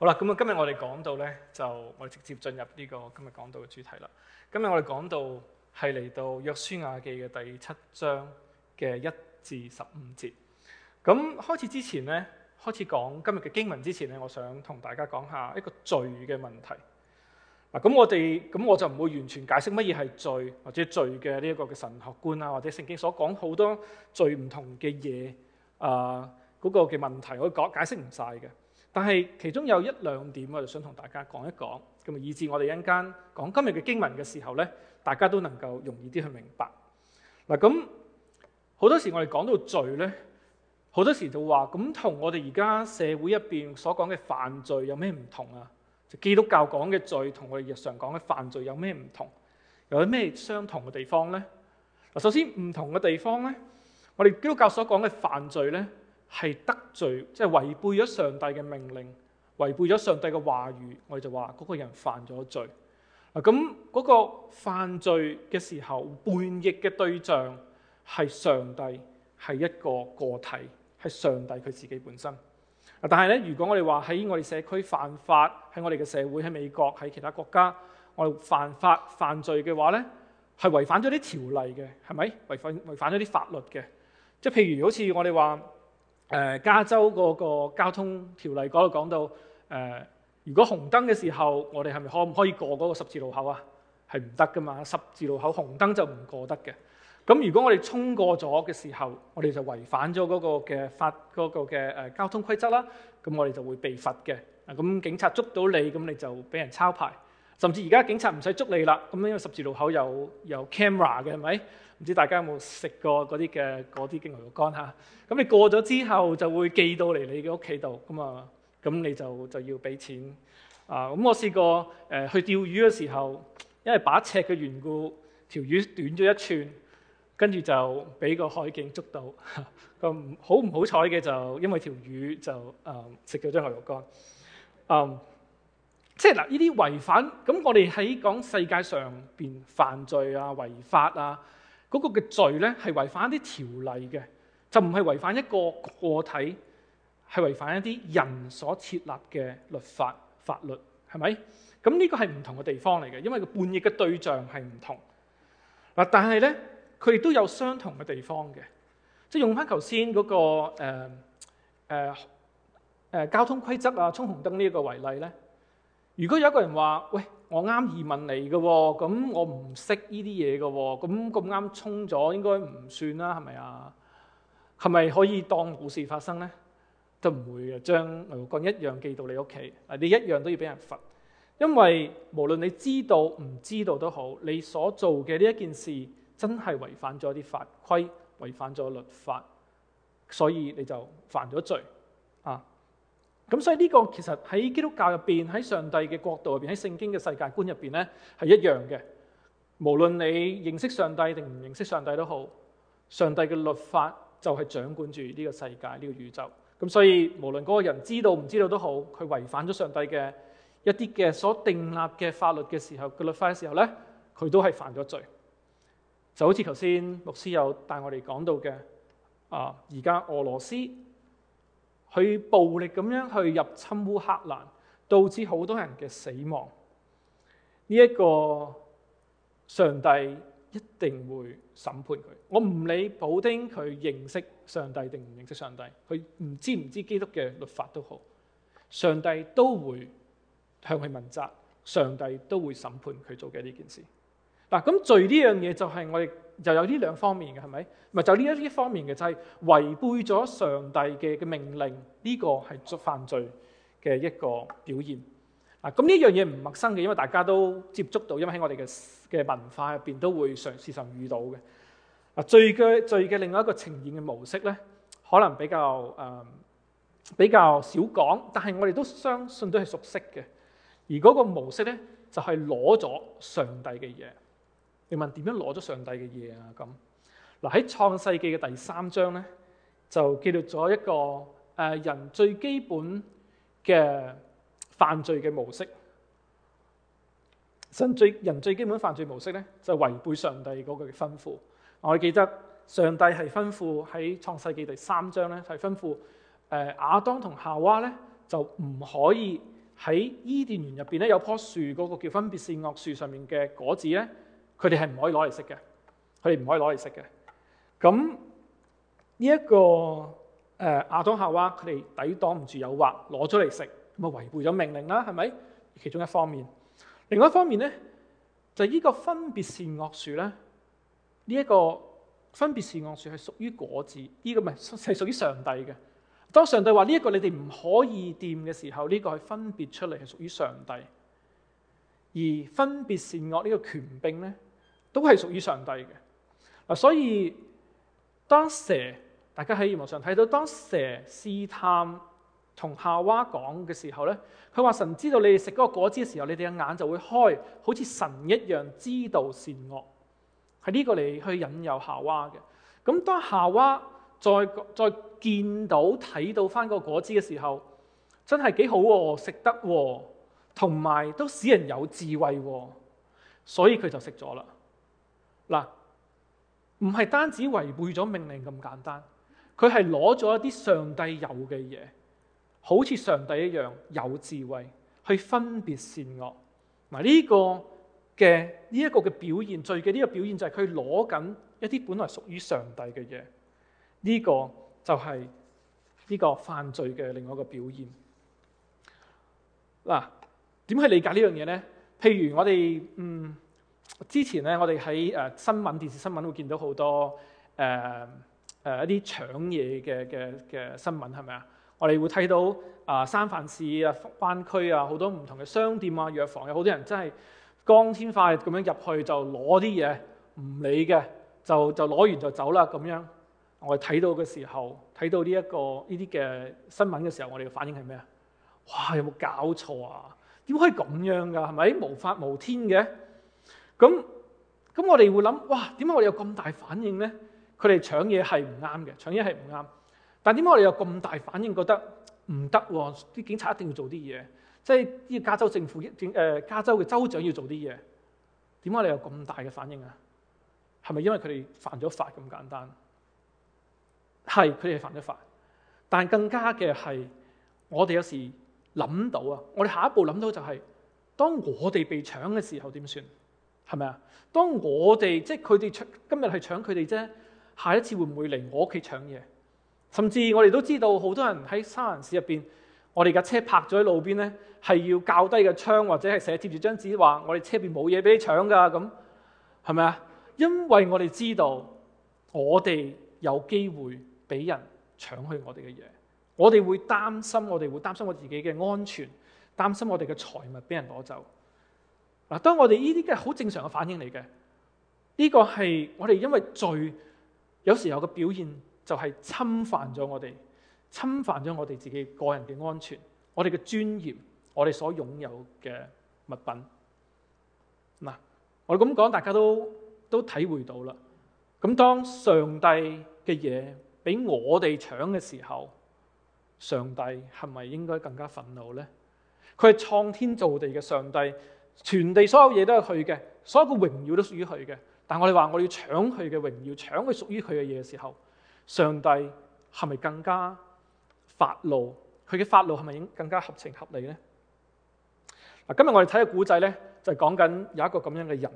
好啦，咁啊，今日我哋講到咧，就我哋直接進入呢個今日講到嘅主題啦。今日我哋講到係嚟到約書亞記嘅第七章嘅一至十五節。咁開始之前咧，開始講今日嘅經文之前咧，我想同大家講下一個罪嘅問題。嗱，咁我哋咁我就唔會完全解釋乜嘢係罪或者罪嘅呢一個嘅神學觀啊，或者聖經所講好多罪唔同嘅嘢啊嗰個嘅問題，我講解釋唔晒嘅。但係其中有一兩點，我就想同大家講一講，咁以致我哋一間講今日嘅經文嘅時候咧，大家都能夠容易啲去明白。嗱，咁好多時我哋講到罪咧，好多時就話咁同我哋而家社會入邊所講嘅犯罪有咩唔同啊？就基督教講嘅罪同我哋日常講嘅犯罪有咩唔同？有啲咩相同嘅地方咧？嗱，首先唔同嘅地方咧，我哋基督教所講嘅犯罪咧。係得罪，即係違背咗上帝嘅命令，違背咗上帝嘅話語，我哋就話嗰個人犯咗罪嗱。咁嗰個犯罪嘅時候，叛逆嘅對象係上帝，係一個個體，係上帝佢自己本身。但係咧，如果我哋話喺我哋社區犯法，喺我哋嘅社會，喺美國，喺其他國家，我哋犯法犯罪嘅話咧，係違反咗啲條例嘅，係咪違反違反咗啲法律嘅？即係譬如好似我哋話。誒、呃、加州嗰個交通條例度講到誒、呃，如果紅燈嘅時候，我哋係咪可唔可以過嗰個十字路口啊？係唔得噶嘛，十字路口紅燈就唔過得嘅。咁如果我哋衝過咗嘅時候，我哋就違反咗嗰個嘅法嗰個嘅誒交通規則啦。咁我哋就會被罰嘅。啊，咁警察捉到你，咁你就俾人抄牌。甚至而家警察唔使捉你啦，咁因為十字路口有有 camera 嘅，係咪？唔知大家有冇食過嗰啲嘅嗰啲驚牛肉乾吓？咁、啊、你過咗之後就會寄到嚟你嘅屋企度㗎嘛？咁你就就要俾錢啊！咁我試過誒、呃、去釣魚嘅時候，因為把尺嘅緣故，條魚短咗一寸，跟住就俾個海警捉到咁好唔好彩嘅，就因為條魚就誒食咗張牛肉乾。嗯，即係嗱，呢啲違反咁，我哋喺講世界上邊犯罪啊、違法啊。嗰個嘅罪咧係違反一啲條例嘅，就唔係違反一個個體，係違反一啲人所設立嘅律法法律，係咪？咁呢個係唔同嘅地方嚟嘅，因為個叛逆嘅對象係唔同。嗱，但係咧，佢亦都有相同嘅地方嘅，即係用翻頭先嗰個誒誒、呃呃、交通規則啊，衝紅燈呢一個為例咧，如果有一個人話喂。我啱移民嚟嘅喎，咁我唔識呢啲嘢嘅喎，咁咁啱沖咗應該唔算啦，係咪啊？係咪可以當故事發生呢？都唔會將牛肉乾一樣寄到你屋企，你一樣都要俾人罰，因為無論你知道唔知道都好，你所做嘅呢一件事真係違反咗啲法規，違反咗律法，所以你就犯咗罪啊！咁所以呢個其實喺基督教入邊，喺上帝嘅角度入邊，喺聖經嘅世界觀入邊咧，係一樣嘅。無論你認識上帝定唔認識上帝都好，上帝嘅律法就係掌管住呢個世界、呢個宇宙。咁所以無論嗰個人知道唔知道都好，佢違反咗上帝嘅一啲嘅所訂立嘅法律嘅時候，個律法嘅時候咧，佢都係犯咗罪。就好似頭先牧師有帶我哋講到嘅，啊而家俄羅斯。佢暴力咁樣去入侵烏克蘭，導致好多人嘅死亡。呢一個上帝一定會審判佢。我唔理普丁佢認識上帝定唔認識上帝，佢唔知唔知基督嘅律法都好，上帝都會向佢問責，上帝都會審判佢做嘅呢件事。嗱，咁罪呢樣嘢就係我哋。就有呢兩方面嘅，係咪？咪就呢一呢方面嘅，就係、是、違背咗上帝嘅嘅命令，呢、這個係觸犯罪嘅一個表現。啊，咁呢樣嘢唔陌生嘅，因為大家都接觸到，因為喺我哋嘅嘅文化入邊都會常時上遇到嘅。啊，罪嘅罪嘅另外一個呈現嘅模式咧，可能比較誒、呃、比較少講，但係我哋都相信都係熟悉嘅。而嗰個模式咧，就係攞咗上帝嘅嘢。你問點樣攞咗上帝嘅嘢啊？咁，嗱，喺創世記嘅第三章咧，就記錄咗一個誒、呃、人最基本嘅犯罪嘅模式。神最人最基本犯罪模式咧，就違背上帝嗰句吩咐。我記得上帝係吩咐喺創世記第三章咧，係吩咐誒、呃、亞當同夏娃咧，就唔可以喺伊甸園入邊咧有棵樹嗰個、那個叫分別善惡樹上面嘅果子咧。佢哋係唔可以攞嚟食嘅，佢哋唔可以攞嚟食嘅。咁呢一個誒亞當夏娃佢哋抵擋唔住誘惑，攞咗嚟食，咁啊違背咗命令啦，係咪？其中一方面，另外一方面咧，就係呢個分別善惡樹咧，呢一個分別善惡樹係屬於果子，呢個唔係係屬於上帝嘅。當上帝話呢一個你哋唔可以掂嘅時候，呢個係分別出嚟係屬於上帝，而分別善惡呢個權柄咧。都係屬於上帝嘅嗱、啊，所以當蛇，大家喺原文上睇到當蛇試探同夏娃講嘅時候咧，佢話神知道你哋食嗰個果子嘅時候，你哋嘅眼就會開，好似神一樣知道善惡，係呢個嚟，去引誘夏娃嘅。咁、啊、當夏娃再再見到睇到翻嗰個果子嘅時候，真係幾好喎、啊，食得、啊，同埋都使人有智慧、啊，所以佢就食咗啦。嗱，唔係單止違背咗命令咁簡單，佢係攞咗一啲上帝有嘅嘢，好似上帝一樣有智慧去分別善惡。嗱、這、呢個嘅呢一個嘅表現，罪嘅呢個表現就係佢攞緊一啲本來屬於上帝嘅嘢。呢、這個就係呢個犯罪嘅另外一個表現。嗱，點去理解呢樣嘢呢？譬如我哋嗯。之前咧，我哋喺誒新聞、電視新聞會見到好多誒誒、呃呃、一啲搶嘢嘅嘅嘅新聞係咪啊？我哋會睇到啊、呃，三藩市啊、福灣區啊，好多唔同嘅商店啊、藥房有好多人真係光天化日咁樣入去就攞啲嘢，唔理嘅就就攞完就走啦咁樣。我哋睇到嘅時候，睇到呢、這、一個呢啲嘅新聞嘅時候，我哋嘅反應係咩啊？哇！有冇搞錯啊？點可以咁樣㗎？係咪無法無天嘅？咁咁，我哋會諗哇，點解我哋有咁大反應咧？佢哋搶嘢係唔啱嘅，搶嘢係唔啱。但點解我哋有咁大反應，覺得唔得喎？啲警察一定要做啲嘢，即係呢個加州政府政、呃、加州嘅州長要做啲嘢。點解我哋有咁大嘅反應啊？係咪因為佢哋犯咗法咁簡單？係佢哋係犯咗法，但更加嘅係我哋有時諗到啊！我哋下一步諗到就係、是、當我哋被搶嘅時候點算？係咪啊？當我哋即係佢哋今日係搶佢哋啫。下一次會唔會嚟我屋企搶嘢？甚至我哋都知道，好多人喺沙蘭市入邊，我哋架車泊咗喺路邊呢，係要較低嘅窗，或者係成日貼住張紙話：我哋車入邊冇嘢俾你搶噶。咁係咪啊？因為我哋知道我我，我哋有機會俾人搶去我哋嘅嘢，我哋會擔心，我哋會擔心我自己嘅安全，擔心我哋嘅財物俾人攞走。嗱，當我哋呢啲嘅好正常嘅反應嚟嘅，呢個係我哋因為罪有時候嘅表現就係侵犯咗我哋，侵犯咗我哋自己個人嘅安全，我哋嘅尊嚴，我哋所擁有嘅物品。嗱，我哋咁講，大家都都體會到啦。咁當上帝嘅嘢俾我哋搶嘅時候，上帝係咪應該更加憤怒呢？佢係創天造地嘅上帝。全地所有嘢都係佢嘅，所有個榮耀都屬於佢嘅。但我哋話我哋要搶佢嘅榮耀，搶佢屬於佢嘅嘢嘅時候，上帝係咪更加發怒？佢嘅發怒係咪更加合情合理呢？嗱，今日我哋睇嘅古仔呢，就係講緊有一個咁樣嘅人，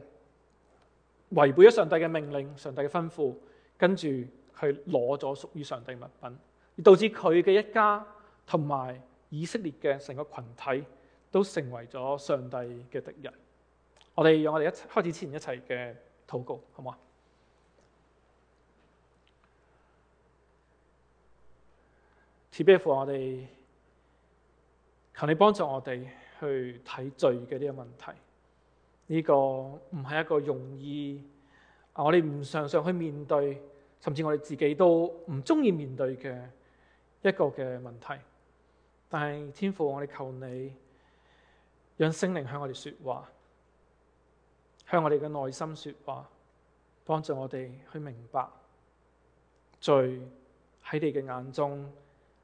違背咗上帝嘅命令、上帝嘅吩咐，跟住去攞咗屬於上帝物品，而導致佢嘅一家同埋以，以色列嘅成個群體。都成為咗上帝嘅敵人。我哋讓我哋一,一開始前一齊嘅禱告，好唔好啊？慈悲父我哋求你幫助我哋去睇罪嘅呢個問題。呢、呢個唔係一個容易啊，我哋唔常常去面對，甚至我哋自己都唔中意面對嘅一個嘅問題。但係天父，我哋求你。讓聖靈向我哋說話，向我哋嘅內心說話，幫助我哋去明白罪喺你嘅眼中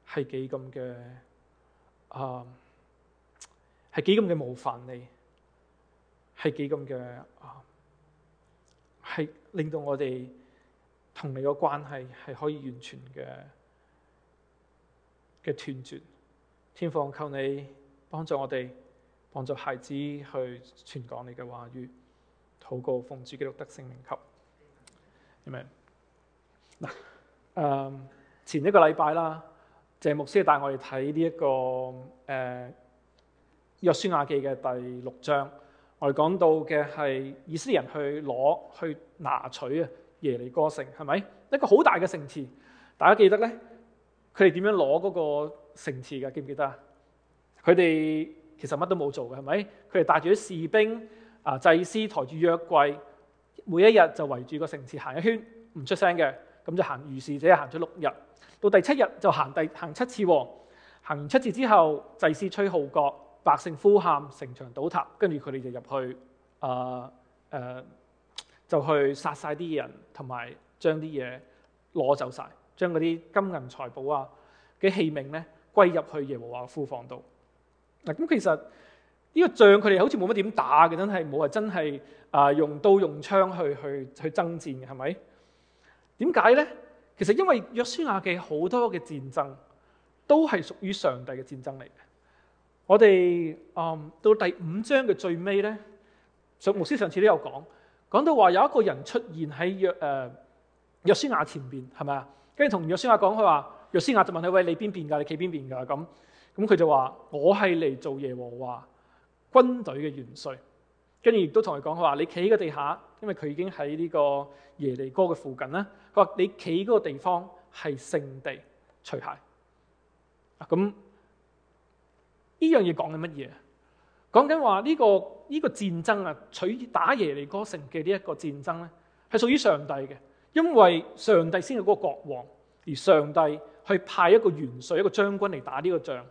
係幾咁嘅啊，係幾咁嘅冒犯你，係幾咁嘅啊，係令到我哋同你嘅關係係可以完全嘅嘅斷絕。天父，求你幫助我哋。幫助孩子去傳講你嘅話語，禱告奉主基督得勝名求，明白？嗱，誒，前一個禮拜啦，謝牧師帶我哋睇呢一個誒約書亞記嘅第六章，我哋講到嘅係以色列人去攞去拿取啊耶利哥城，係咪？一個好大嘅城池，大家記得咧？佢哋點樣攞嗰個城池嘅？記唔記得啊？佢哋？其實乜都冇做嘅係咪？佢哋帶住啲士兵啊、呃，祭司抬住約櫃，每一日就圍住個城池行一圈，唔出聲嘅，咁就行。如是者行咗六日，到第七日就行第行七次，哦。行完七次之後，祭司吹號角，百姓呼喊，城牆倒塌，跟住佢哋就入去啊誒，呃呃，就去殺晒啲人，同埋將啲嘢攞走晒，將嗰啲金銀財寶啊，嘅器皿咧歸入去耶和華庫房度。嗱，咁其實呢個仗佢哋好似冇乜點打嘅，真係冇，係真係啊用刀用槍去去去爭戰嘅係咪？點解咧？其實因為約書亞嘅好多嘅戰爭都係屬於上帝嘅戰爭嚟嘅。我哋嗯到第五章嘅最尾咧，上牧師上次都有講，講到話有一個人出現喺約誒約書亞前邊係咪啊？跟住同約書亞講佢話，約書亞就問佢，喂，你邊邊㗎？你企邊邊㗎咁？咁佢就話：我係嚟做耶和華軍隊嘅元帥，跟住亦都同佢講：佢話你企喺個地下，因為佢已經喺呢個耶利哥嘅附近啦。佢話你企嗰個地方係聖地，除鞋。啊，咁呢樣嘢講緊乜嘢？講緊話呢個呢個戰爭啊，取打耶利哥城嘅呢一個戰爭咧，係屬於上帝嘅，因為上帝先有嗰個國王，而上帝去派一個元帥、一個將軍嚟打呢個仗。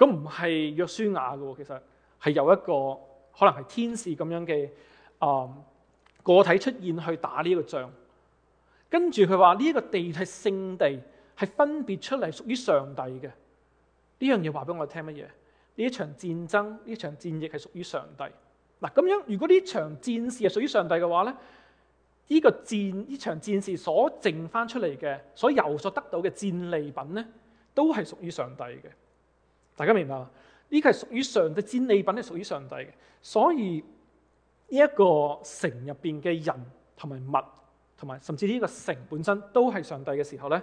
咁唔係約書亞嘅喎，其實係由一個可能係天使咁樣嘅啊、呃、個體出現去打呢個仗，跟住佢話呢一個地係聖地，係分別出嚟屬於上帝嘅。呢樣嘢話俾我哋聽乜嘢？呢一場戰爭，呢場戰役係屬於上帝。嗱咁樣，如果呢場戰事係屬於上帝嘅話咧，呢、這個戰呢場戰事所剩翻出嚟嘅，所有所得到嘅戰利品咧，都係屬於上帝嘅。大家明白呢個係屬於上帝戰利品，係屬於上帝嘅。所以呢一個城入邊嘅人同埋物，同埋甚至呢個城本身都係上帝嘅時候咧，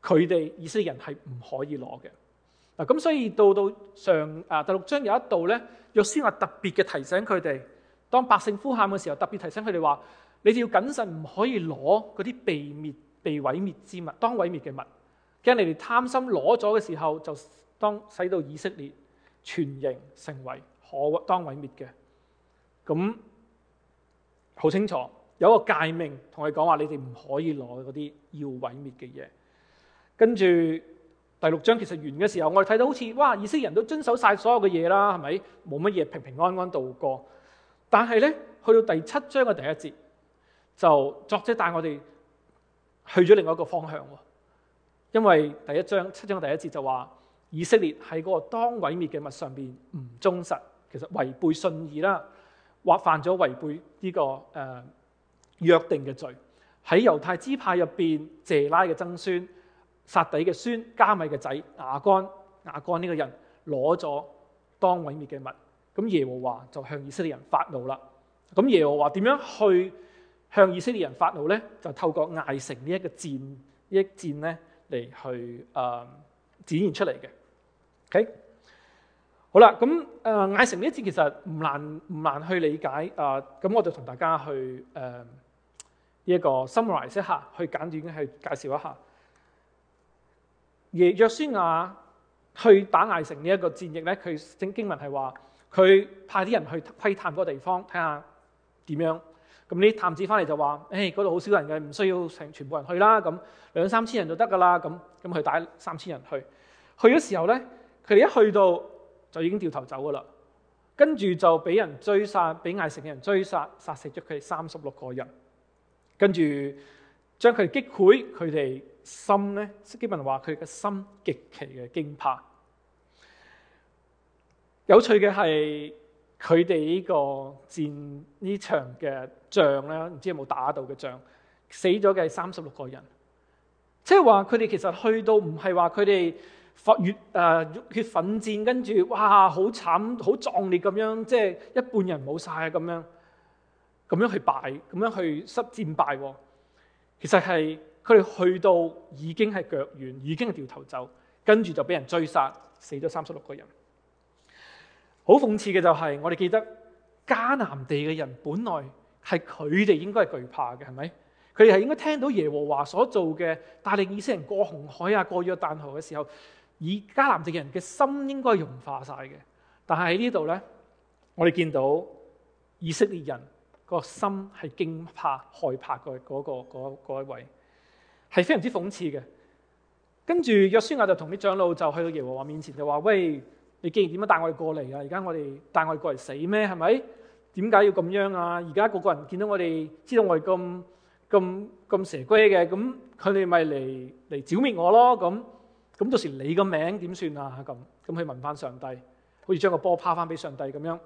佢哋以色列人係唔可以攞嘅嗱。咁所以到到上啊第六章有一度咧，約書亞特別嘅提醒佢哋，當百姓呼喊嘅時候，特別提醒佢哋話：你哋要謹慎，唔可以攞嗰啲被滅被毀滅之物，當毀滅嘅物，驚你哋貪心攞咗嘅時候就。當使到以色列全營成為可當毀滅嘅，咁好清楚，有一個誡命同佢講話：你哋唔可以攞嗰啲要毀滅嘅嘢。跟住第六章其實完嘅時候，我哋睇到好似哇，以色列人都遵守晒所有嘅嘢啦，係咪？冇乜嘢平平安安度過。但係咧，去到第七章嘅第一節，就作者帶我哋去咗另外一個方向。因為第一章、七章嘅第一節就話。以色列喺嗰個當毀滅嘅物上邊唔忠實，其實違背信義啦，或犯咗違背呢、這個誒、呃、約定嘅罪。喺猶太支派入邊，謝拉嘅曾孫、撒底嘅孫、加米嘅仔亞幹，亞幹呢個人攞咗當毀滅嘅物，咁耶和華就向以色列人發怒啦。咁耶和華點樣去向以色列人發怒咧？就透過艾城呢一個戰呢一戰咧嚟去誒。呃展現出嚟嘅，OK，好啦，咁誒、啊、艾城呢一節其實唔難唔難去理解啊，咁我就同大家去呢、啊、一個 summarize 一下，去簡短嘅去介紹一下。而約書亞去打艾城呢一個戰役咧，佢正經文係話佢派啲人去窺探嗰個地方，睇下點樣。咁啲探子翻嚟就話，誒、欸，嗰度好少人嘅，唔需要成全，全部人去啦，咁兩三千人就得噶啦，咁咁佢帶三千人去，去咗時候咧，佢哋一去到就已經掉頭走噶啦，跟住就俾人追殺，俾艾城嘅人追殺，殺死咗佢哋三十六個人，跟住將佢哋擊潰，佢哋心咧，聖經文話佢哋嘅心極其嘅驚怕。有趣嘅係。佢哋呢個戰呢場嘅仗咧，唔知有冇打到嘅仗，死咗嘅係三十六個人。即係話佢哋其實去到唔係話佢哋誒，浴血奮戰，跟住哇好慘好壯烈咁樣，即係一半人冇晒，啊咁樣，咁樣去敗，咁樣去失戰敗喎。其實係佢哋去到已經係腳軟，已經係掉頭走，跟住就俾人追殺，死咗三十六個人。好諷刺嘅就係、是，我哋記得迦南地嘅人本來係佢哋應該係懼怕嘅，係咪？佢哋係應該聽到耶和華所做嘅帶領以色列人過紅海啊，過約旦河嘅時候，以迦南地嘅人嘅心應該融化晒嘅。但係喺呢度咧，我哋見到以色列人個心係驚怕、害怕嗰嗰、嗰個一、嗰個嗰個、位，係非常之諷刺嘅。跟住約書亞就同啲長老就去到耶和華面前就話：喂！你既然點樣帶我哋過嚟啊？而家我哋帶我哋過嚟死咩？係咪？點解要咁樣啊？而家個個人見到我哋，知道我哋咁咁咁蛇鬼嘅，咁佢哋咪嚟嚟剿滅我咯。咁咁到時你個名點算啊？咁咁去問翻上帝，好似將個波拋翻俾上帝咁樣。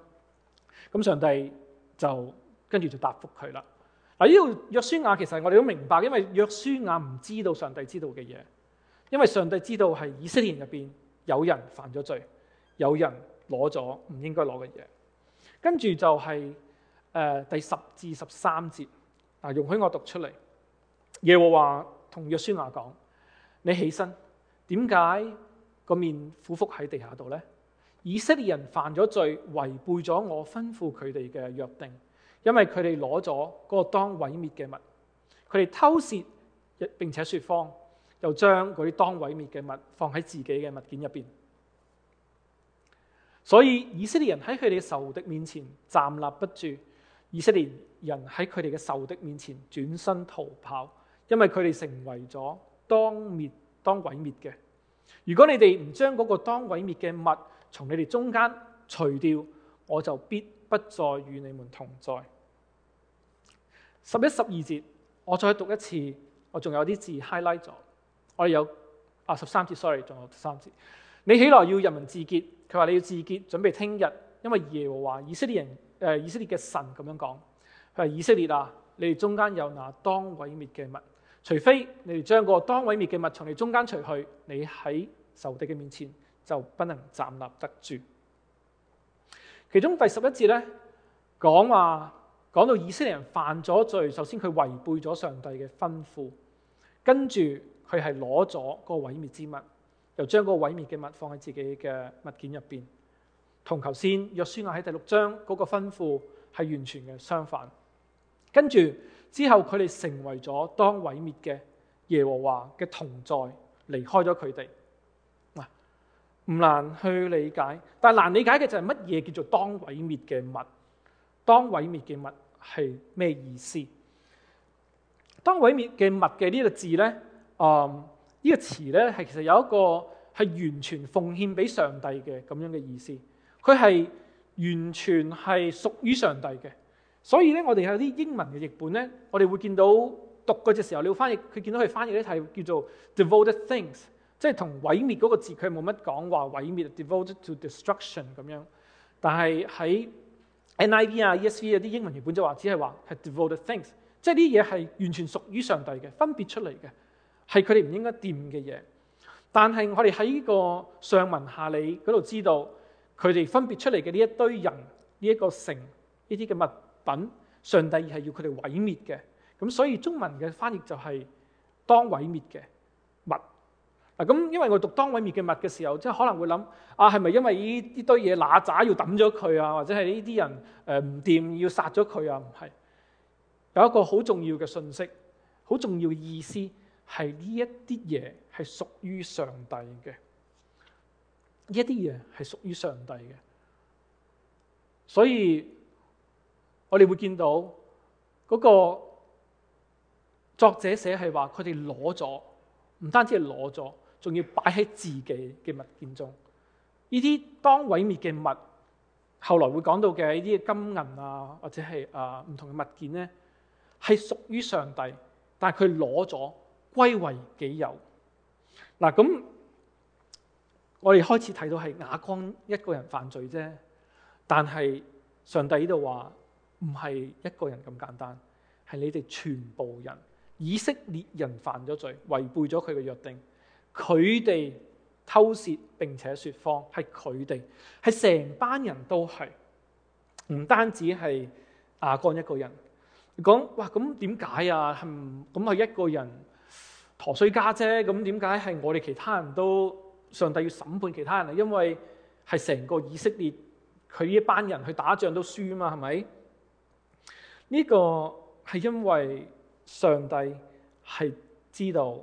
咁上帝就跟住就答覆佢啦。嗱，呢度約書亞其實我哋都明白，因為約書亞唔知道上帝知道嘅嘢，因為上帝知道係以色列入邊有人犯咗罪。有人攞咗唔應該攞嘅嘢，跟住就係、是、誒、呃、第十至十三節啊，容許我讀出嚟。耶和華同約書亞講：你起身，點解個面俯伏喺地下度呢？以色列人犯咗罪，違背咗我吩咐佢哋嘅約定，因為佢哋攞咗嗰個當毀滅嘅物，佢哋偷竊並且説謊，又將嗰啲當毀滅嘅物放喺自己嘅物件入邊。所以以色列人喺佢哋仇敵面前站立不住，以色列人喺佢哋嘅仇敵面前轉身逃跑，因為佢哋成為咗當滅當毀滅嘅。如果你哋唔將嗰個當毀滅嘅物從你哋中間除掉，我就必不再與你們同在。十一十二節，我再讀一次，我仲有啲字 highlight 咗，我有啊十三節，sorry，仲有十三節。你起來要人民自潔。佢話你要自潔，準備聽日，因為耶和華以色列人誒、呃、以色列嘅神咁樣講，佢話以色列啊，你哋中間有拿當毀滅嘅物，除非你哋將個當毀滅嘅物從你中間除去，你喺仇敵嘅面前就不能站立得住。其中第十一節咧，講話講到以色列人犯咗罪，首先佢違背咗上帝嘅吩咐，跟住佢係攞咗個毀滅之物。又將個毀滅嘅物放喺自己嘅物件入邊，同頭先約書亞喺第六章嗰個吩咐係完全嘅相反。跟住之後佢哋成為咗當毀滅嘅耶和華嘅同在，離開咗佢哋。嗱，唔難去理解，但係難理解嘅就係乜嘢叫做當毀滅嘅物？當毀滅嘅物係咩意思？當毀滅嘅物嘅呢個字咧，嗯。個詞，呢個詞咧係其實有一個係完全奉獻俾上帝嘅咁樣嘅意思，佢係完全係屬於上帝嘅。所以咧，我哋有啲英文嘅譯本咧，我哋會見到讀嗰隻時候，你會翻譯佢見到佢翻譯咧係叫做 devoted things，即係同毀滅嗰個字佢冇乜講話毀滅，devoted to destruction 咁樣。但係喺 NIV 啊 ESV 啊啲英文原本就話只係話係 devoted things，即係啲嘢係完全屬於上帝嘅，分別出嚟嘅。係佢哋唔應該掂嘅嘢，但係我哋喺呢個上文下理嗰度知道，佢哋分別出嚟嘅呢一堆人、呢一個城、呢啲嘅物品，上帝係要佢哋毀滅嘅。咁所以中文嘅翻譯就係當毀滅嘅物。嗱咁，因為我讀當毀滅嘅物嘅時候，即係可能會諗：啊，係咪因為呢啲堆嘢乸渣要抌咗佢啊？或者係呢啲人誒唔掂要殺咗佢啊？唔係，有一個好重要嘅信息，好重要嘅意思。係呢一啲嘢係屬於上帝嘅，呢一啲嘢係屬於上帝嘅，所以我哋會見到嗰個作者寫係話佢哋攞咗，唔單止係攞咗，仲要擺喺自己嘅物件中。呢啲當毀滅嘅物，後來會講到嘅呢啲金銀啊，或者係啊唔同嘅物件咧，係屬於上帝，但係佢攞咗。歸為己有。嗱，咁我哋開始睇到係亞光一個人犯罪啫。但係上帝呢度話唔係一個人咁簡單，係你哋全部人。以色列人犯咗罪，違背咗佢嘅約定。佢哋偷竊並且說謊，係佢哋，係成班人都係，唔單止係亞光一個人。講哇咁點解啊？咁係一個人。何須加啫？咁點解係我哋其他人都，上帝要審判其他人啊？因為係成個以色列佢一班人去打仗都輸嘛，係咪？呢、呢個係因為上帝係知道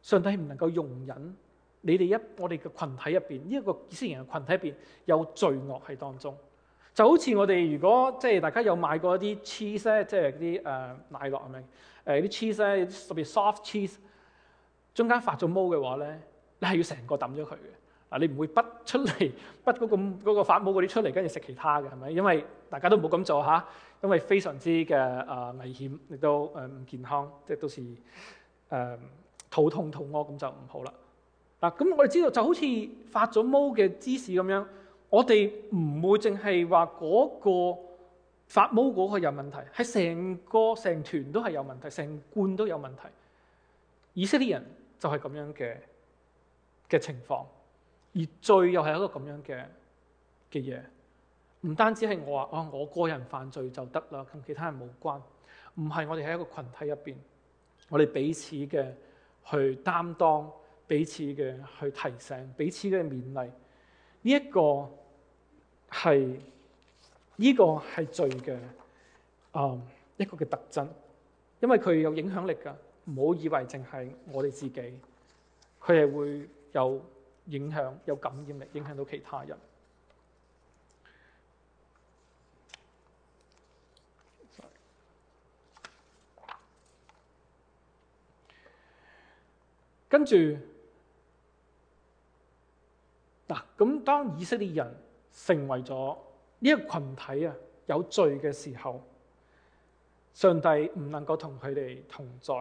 上帝唔能夠容忍你哋一我哋嘅群體入邊呢一個以色列人嘅群體入邊有罪惡喺當中。就好似我哋如果即係大家有買過一啲 cheese 咧，即係啲誒奶酪咁樣，誒啲 cheese 咧特別 soft cheese，中間發咗毛嘅話咧，你係要成個抌咗佢嘅。嗱，你唔會剝出嚟剝嗰個嗰、嗰個、發毛嗰啲出嚟，跟住食其他嘅係咪？因為大家都唔好咁做吓，因為非常之嘅誒危險，亦都誒唔健康，即係到時誒肚痛肚屙咁就唔好啦。嗱、啊、咁我哋知道就好似發咗毛嘅芝士咁樣。我哋唔會淨係話嗰個發霉嗰個有問題，係成個成團都係有問題，成罐都有問題。以色列人就係咁樣嘅嘅情況，而罪又係一個咁樣嘅嘅嘢。唔單止係我話哦，我個人犯罪就得啦，同其他人冇關。唔係，我哋喺一個群體入邊，我哋彼此嘅去擔當，彼此嘅去提醒，彼此嘅勉勵。呢一個係，呢個係罪嘅啊一個嘅特徵，因為佢有影響力㗎。唔好以為淨係我哋自己，佢係會有影響、有感染力，影響到其他人。跟住。嗱，咁當以色列人成為咗呢一個羣體啊有罪嘅時候，上帝唔能夠同佢哋同在，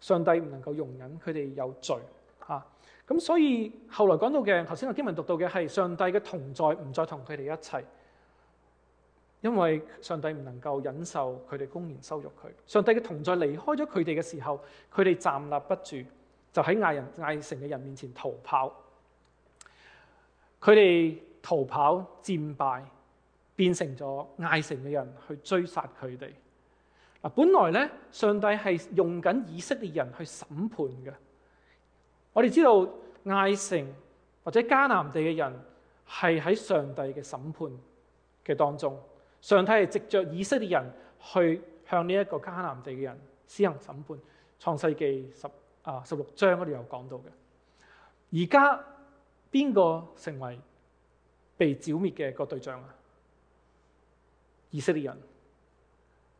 上帝唔能夠容忍佢哋有罪，嚇。咁所以後來講到嘅，頭先我經文讀到嘅係上帝嘅同在唔再同佢哋一齊，因為上帝唔能夠忍受佢哋公然羞辱佢。上帝嘅同在離開咗佢哋嘅時候，佢哋站立不住，就喺艾人艾城嘅人面前逃跑。佢哋逃跑戰敗，變成咗艾城嘅人去追殺佢哋。嗱，本來咧，上帝係用緊以色列人去審判嘅。我哋知道艾城或者迦南地嘅人係喺上帝嘅審判嘅當中，上帝係藉着以色列人去向呢一個迦南地嘅人施行審判。創世記十啊十六章嗰度有講到嘅。而家。邊個成為被剿滅嘅個對象啊？以色列人，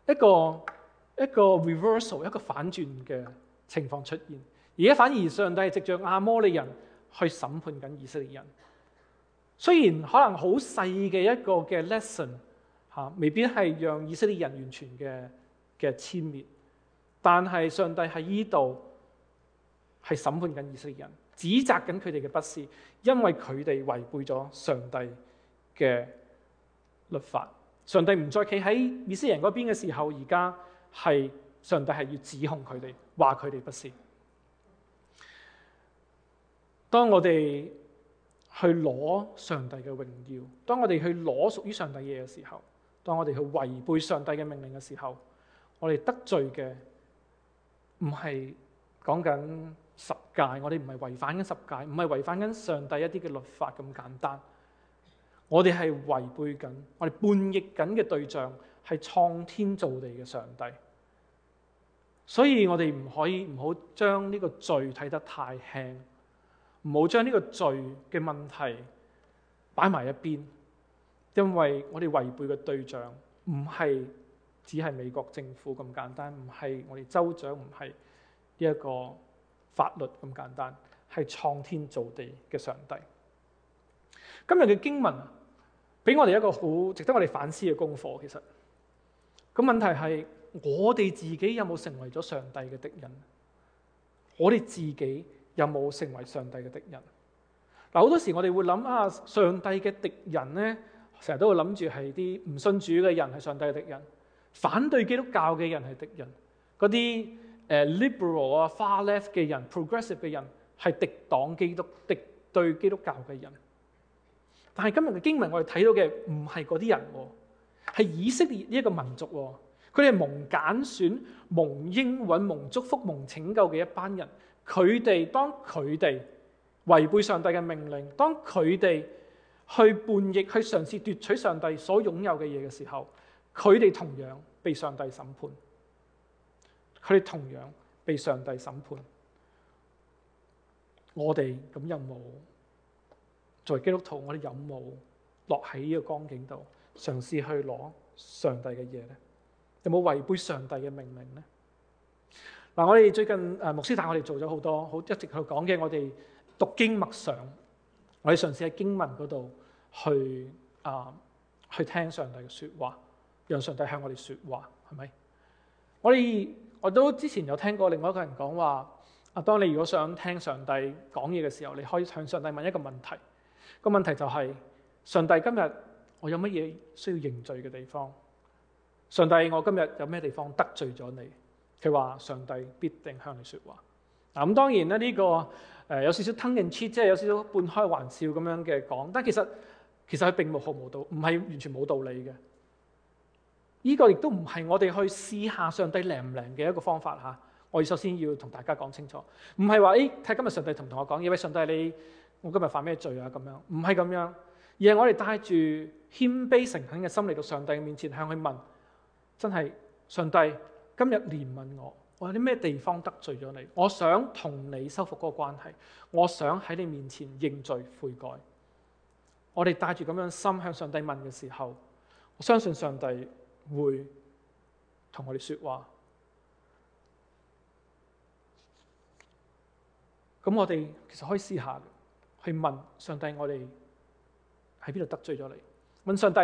一個一個 reversal，一個反轉嘅情況出現。而家反而上帝係藉著阿摩利人去審判緊以色列人。雖然可能好細嘅一個嘅 lesson 嚇、啊，未必係讓以色列人完全嘅嘅殲滅，但係上帝喺依度係審判緊以色列人。指責緊佢哋嘅不是，因為佢哋違背咗上帝嘅律法。上帝唔再企喺以色列人嗰邊嘅時候，而家係上帝係要指控佢哋，話佢哋不是。當我哋去攞上帝嘅榮耀，當我哋去攞屬於上帝嘅嘢嘅時候，當我哋去違背上帝嘅命令嘅時候，我哋得罪嘅唔係講緊。戒，我哋唔係違反緊十戒，唔係違反緊上帝一啲嘅律法咁簡單。我哋係違背緊，我哋叛逆緊嘅對象係創天造地嘅上帝。所以我哋唔可以唔好將呢個罪睇得太輕，唔好將呢個罪嘅問題擺埋一邊，因為我哋違背嘅對象唔係只係美國政府咁簡單，唔係我哋州長，唔係呢一個。法律咁簡單，係創天造地嘅上帝。今日嘅經文俾我哋一個好值得我哋反思嘅功課。其實，咁問題係我哋自己有冇成為咗上帝嘅敵人？我哋自己有冇成為上帝嘅敵人？嗱，好多時我哋會諗啊，上帝嘅敵人咧，成日都會諗住係啲唔信主嘅人係上帝嘅敵人，反對基督教嘅人係敵人，嗰啲。Liberal 啊，far left 嘅人，progressive 嘅人，係敵黨基督、敵對基督教嘅人。但係今日嘅經文我哋睇到嘅唔係嗰啲人喎，哦，係以色列呢一個民族喎，哦，佢哋係蒙揀選、蒙應允、蒙祝福、蒙拯救嘅一班人。佢哋當佢哋違背上帝嘅命令，當佢哋去叛逆、去嘗試奪取上帝所擁有嘅嘢嘅時候，佢哋同樣被上帝審判。佢哋同樣被上帝審判，我哋咁有冇作為基督徒？我哋有冇落喺呢個光景度，嘗試去攞上帝嘅嘢咧？有冇違背上帝嘅命令咧？嗱，我哋最近誒牧師帶我哋做咗好多，好一直去講嘅，我哋讀經默想，我哋嘗試喺經文嗰度去啊去聽上帝嘅説話，讓上帝向我哋説話，係咪？我哋。我都之前有聽過另外一個人講話，啊，當你如果想聽上帝講嘢嘅時候，你可以向上帝問一個問題。個問題就係：上帝，今日我有乜嘢需要認罪嘅地方？上帝，我今日有咩地方得罪咗你？佢話：上帝必定向你説話。嗱，咁當然咧，呢個誒有少少 tongue in cheek，即係有少少半開玩笑咁樣嘅講。但其實其實佢並無毫無道，唔係完全冇道理嘅。呢個亦都唔係我哋去試下上帝靈唔靈嘅一個方法嚇。我首先要同大家講清楚，唔係話誒睇今日上帝同唔同我講，以為上帝你我今日犯咩罪啊咁樣，唔係咁樣，而係我哋帶住謙卑誠懇嘅心嚟到上帝面前向佢問。真係，上帝今日憐憫我，我有啲咩地方得罪咗你？我想同你修復嗰個關係，我想喺你面前認罪悔改。我哋帶住咁樣心向上帝問嘅時候，我相信上帝，會同我哋說話，咁我哋其實可以試下去問上帝我哋喺邊度得罪咗你？問上帝，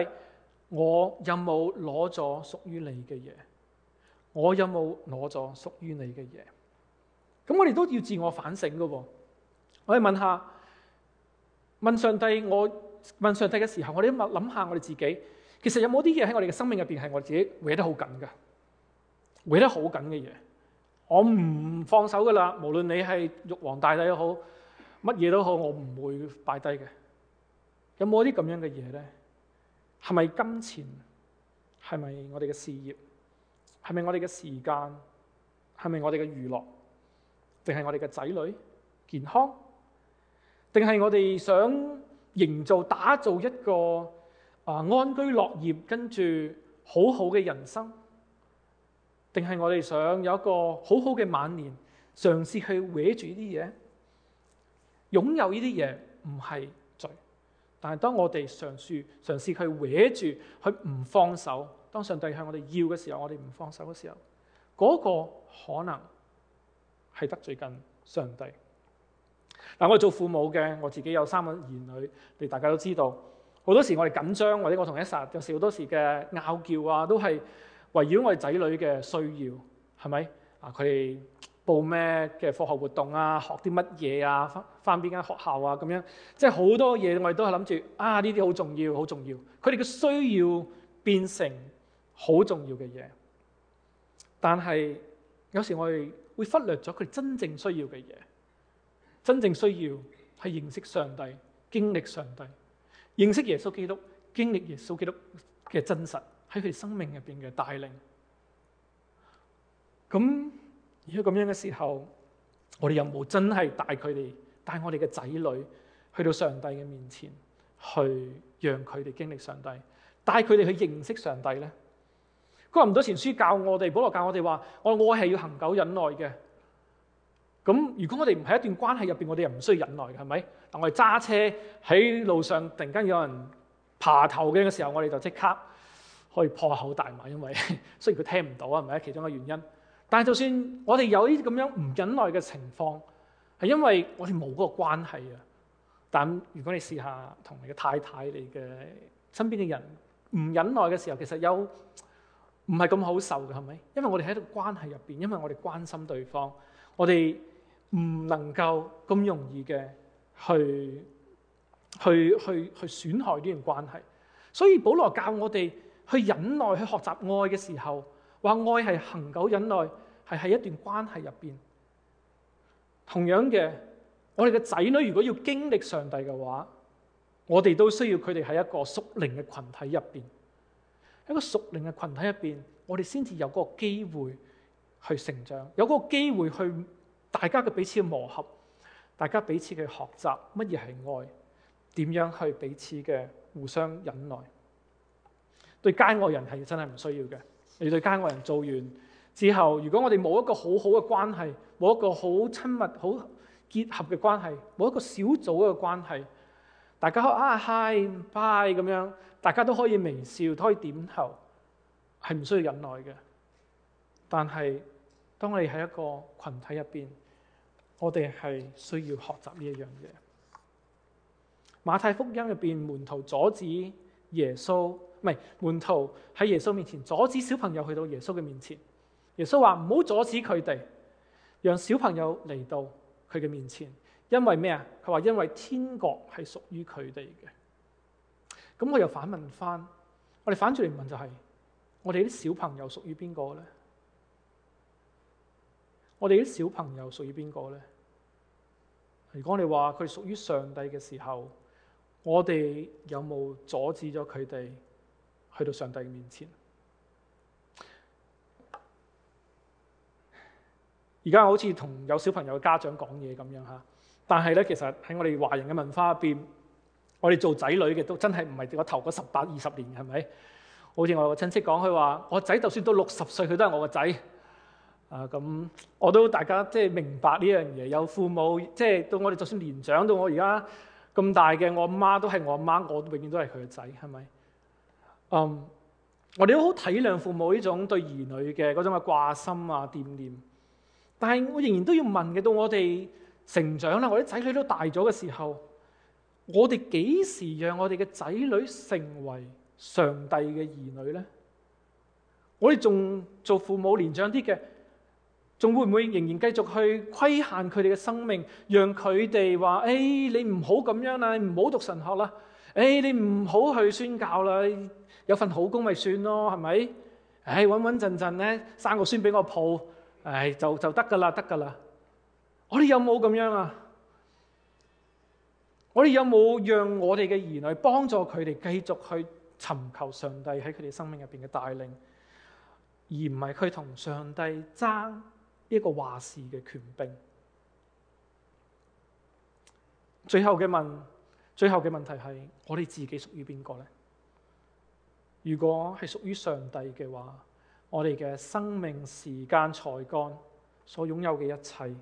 我有冇攞咗屬於你嘅嘢？我有冇攞咗屬於你嘅嘢？咁我哋都要自我反省㗎。我哋問下，問上帝我，我問上帝嘅時候，我哋諗下我哋自己。其實有冇啲嘢喺我哋嘅生命入邊係我自己握得好緊嘅，握得好緊嘅嘢，我唔放手噶啦。無論你係玉皇大帝又好，乜嘢都好，我唔會擺低嘅。有冇啲咁樣嘅嘢咧？係咪金錢？係咪我哋嘅事業？係咪我哋嘅時間？係咪我哋嘅娛樂？定係我哋嘅仔女健康？定係我哋想營造打造一個？啊，安居樂業，跟住好好嘅人生，定係我哋想有一個好好嘅晚年，嘗試去搲住呢啲嘢，擁有呢啲嘢唔係罪，但係當我哋嘗試嘗試去搲住，佢唔放手，當上帝向我哋要嘅時候，我哋唔放手嘅時候，嗰、那個可能係得罪緊上帝。嗱、啊，我哋做父母嘅，我自己有三個兒女，你大家都知道。好多時我哋緊張，或者我同艾薩有時好多時嘅拗撬啊，都係圍繞我哋仔女嘅需要，係咪啊？佢哋報咩嘅課後活動啊，學啲乜嘢啊，翻翻邊間學校啊，咁樣即係好多嘢我哋都係諗住啊呢啲好重要，好重要。佢哋嘅需要變成好重要嘅嘢，但係有時我哋會忽略咗佢哋真正需要嘅嘢，真正需要係認識上帝、經歷上帝。認識耶穌基督，經歷耶穌基督嘅真實喺佢生命入邊嘅帶領。咁而喺咁樣嘅時候，我哋有冇真係帶佢哋帶我哋嘅仔女去到上帝嘅面前，去讓佢哋經歷上帝，帶佢哋去認識上帝咧？佢話唔到前書教我哋，保羅教我哋話我愛係要恆久忍耐嘅。咁如果我哋唔喺一段關係入邊，我哋又唔需要忍耐嘅，係咪？但我哋揸車喺路上，突然間有人爬頭嘅時候，我哋就即刻可以破口大罵，因為雖然佢聽唔到啊，係咪？其中一個原因。但係就算我哋有啲咁樣唔忍耐嘅情況，係因為我哋冇嗰個關係啊。但如果你試下同你嘅太太、你嘅身邊嘅人唔忍耐嘅時候，其實有唔係咁好受嘅，係咪？因為我哋喺度關係入邊，因為我哋關心對方，我哋。唔能夠咁容易嘅去去去去損害呢段關係，所以保羅教我哋去忍耐，去學習愛嘅時候，話愛係恒久忍耐，係喺一段關係入邊。同樣嘅，我哋嘅仔女如果要經歷上帝嘅話，我哋都需要佢哋喺一個屬靈嘅群體入邊，喺個屬靈嘅群體入邊，我哋先至有嗰個機會去成長，有嗰個機會去。大家嘅彼此嘅磨合，大家彼此嘅學習，乜嘢係愛，點樣去彼此嘅互相忍耐？對街外人係真係唔需要嘅。而對街外人做完之後，如果我哋冇一個好好嘅關係，冇一個好親密、好結合嘅關係，冇一個小組嘅關係，大家可啊 hi bye 咁樣，大家都可以微笑，都可以點頭，係唔需要忍耐嘅。但係當你喺一個群體入邊。我哋係需要學習呢一樣嘢。馬太福音入邊，門徒阻止耶穌，唔係門徒喺耶穌面前阻止小朋友去到耶穌嘅面前。耶穌話唔好阻止佢哋，讓小朋友嚟到佢嘅面前。因為咩啊？佢話因為天國係屬於佢哋嘅。咁我又反問返，我哋反轉嚟問就係：我哋啲小朋友屬於邊個咧？我哋啲小朋友屬於邊個呢？如果你話佢屬於上帝嘅時候，我哋有冇阻止咗佢哋去到上帝面前？而家好似同有小朋友嘅家長講嘢咁樣吓，但係咧，其實喺我哋華人嘅文化入邊，我哋做仔女嘅都真係唔係我頭嗰十八二十年嘅係咪？好似我個親戚講，佢話我仔就算到六十歲，佢都係我個仔。啊咁，我都大家即係明白呢樣嘢。有父母即係到我哋，就算年長到我而家咁大嘅，我阿媽都係我阿媽，我永遠都係佢嘅仔，係咪？嗯，我哋都好體諒父母呢種對兒女嘅嗰種嘅掛心啊、惦念。但係我仍然都要問嘅，到我哋成長啦，我啲仔女都大咗嘅時候，我哋幾時讓我哋嘅仔女成為上帝嘅兒女咧？我哋仲做父母年長啲嘅。仲會唔會仍然繼續去規限佢哋嘅生命，讓佢哋話：誒、哎，你唔好咁樣啦，你唔好讀神學啦，誒、哎，你唔好去宣教啦，有份好工咪算咯，係咪？誒、哎，穩穩陣陣咧，生個孫俾我抱，誒、哎，就就得噶啦，得噶啦。我哋有冇咁樣啊？我哋有冇讓我哋嘅兒女幫助佢哋繼續去尋求上帝喺佢哋生命入邊嘅帶領，而唔係佢同上帝爭？一個話事嘅權柄。最後嘅問，最後嘅問題係：我哋自己屬於邊個呢？如果係屬於上帝嘅話，我哋嘅生命、時間、才幹、所擁有嘅一切，呢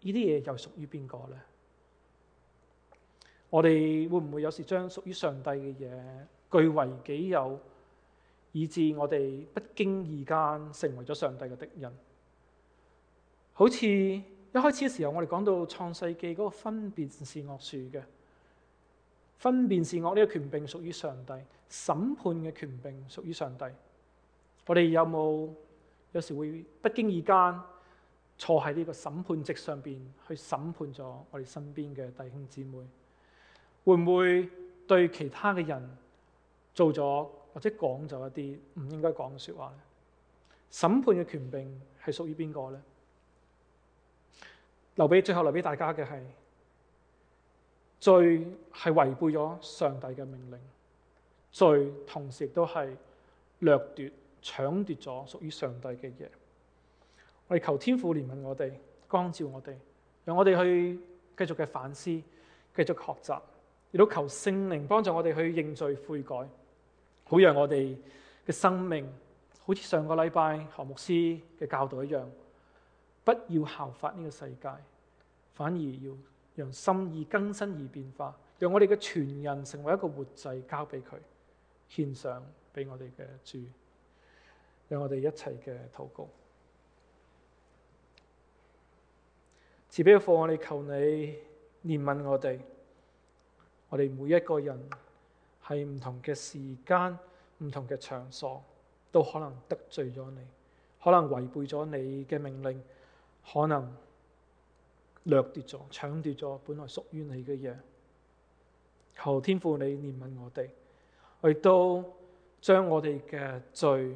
啲嘢又屬於邊個呢？我哋會唔會有時將屬於上帝嘅嘢據為己有，以致我哋不經意間成為咗上帝嘅敵人？好似一開始嘅時候，我哋講到創世記嗰個分別善惡樹嘅分別善惡，呢個權柄屬於上帝，審判嘅權柄屬於上帝。我哋有冇有，有時會不經意間坐喺呢個審判席上邊去審判咗我哋身邊嘅弟兄姊妹？會唔會對其他嘅人做咗或者講咗一啲唔應該講嘅説話呢？審判嘅權柄係屬於邊個呢？留俾最後留俾大家嘅係罪係違背咗上帝嘅命令，罪同時亦都係掠奪、搶奪咗屬於上帝嘅嘢。我哋求天父憐憫我哋，光照我哋，讓我哋去繼續嘅反思、繼續學習，亦都求聖靈幫助我哋去認罪悔改，好讓我哋嘅生命好似上個禮拜何牧師嘅教導一樣，不要效法呢個世界。反而要讓心意更新而變化，讓我哋嘅全人成為一個活祭，交俾佢獻上俾我哋嘅主，讓我哋一齊嘅禱告。慈悲嘅父，我哋求你憐憫我哋。我哋每一個人喺唔同嘅時間、唔同嘅場所，都可能得罪咗你，可能違背咗你嘅命令，可能，掠奪咗，搶奪咗本來屬於你嘅嘢。求天父你憐憫我哋，我亦都將我哋嘅罪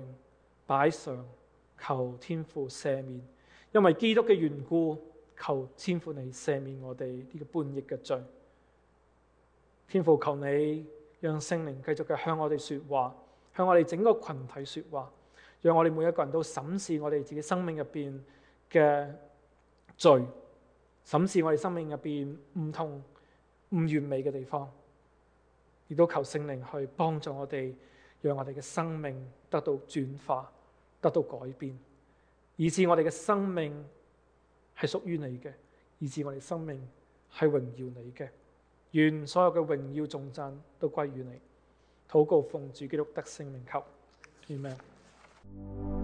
擺上，求天父赦免，因為基督嘅緣故，求天父你赦免我哋呢個叛逆嘅罪。天父，求你讓聖靈繼續嘅向我哋說話，向我哋整個群體說話，讓我哋每一個人都審視我哋自己生命入邊嘅罪。審視我哋生命入邊唔同唔完美嘅地方，亦都求聖靈去幫助我哋，讓我哋嘅生命得到轉化、得到改變，以致我哋嘅生命係屬於你嘅，以致我哋生命係榮耀你嘅，願所有嘅榮耀頌讚都歸於你。禱告奉主基督得聖靈，求。阿們。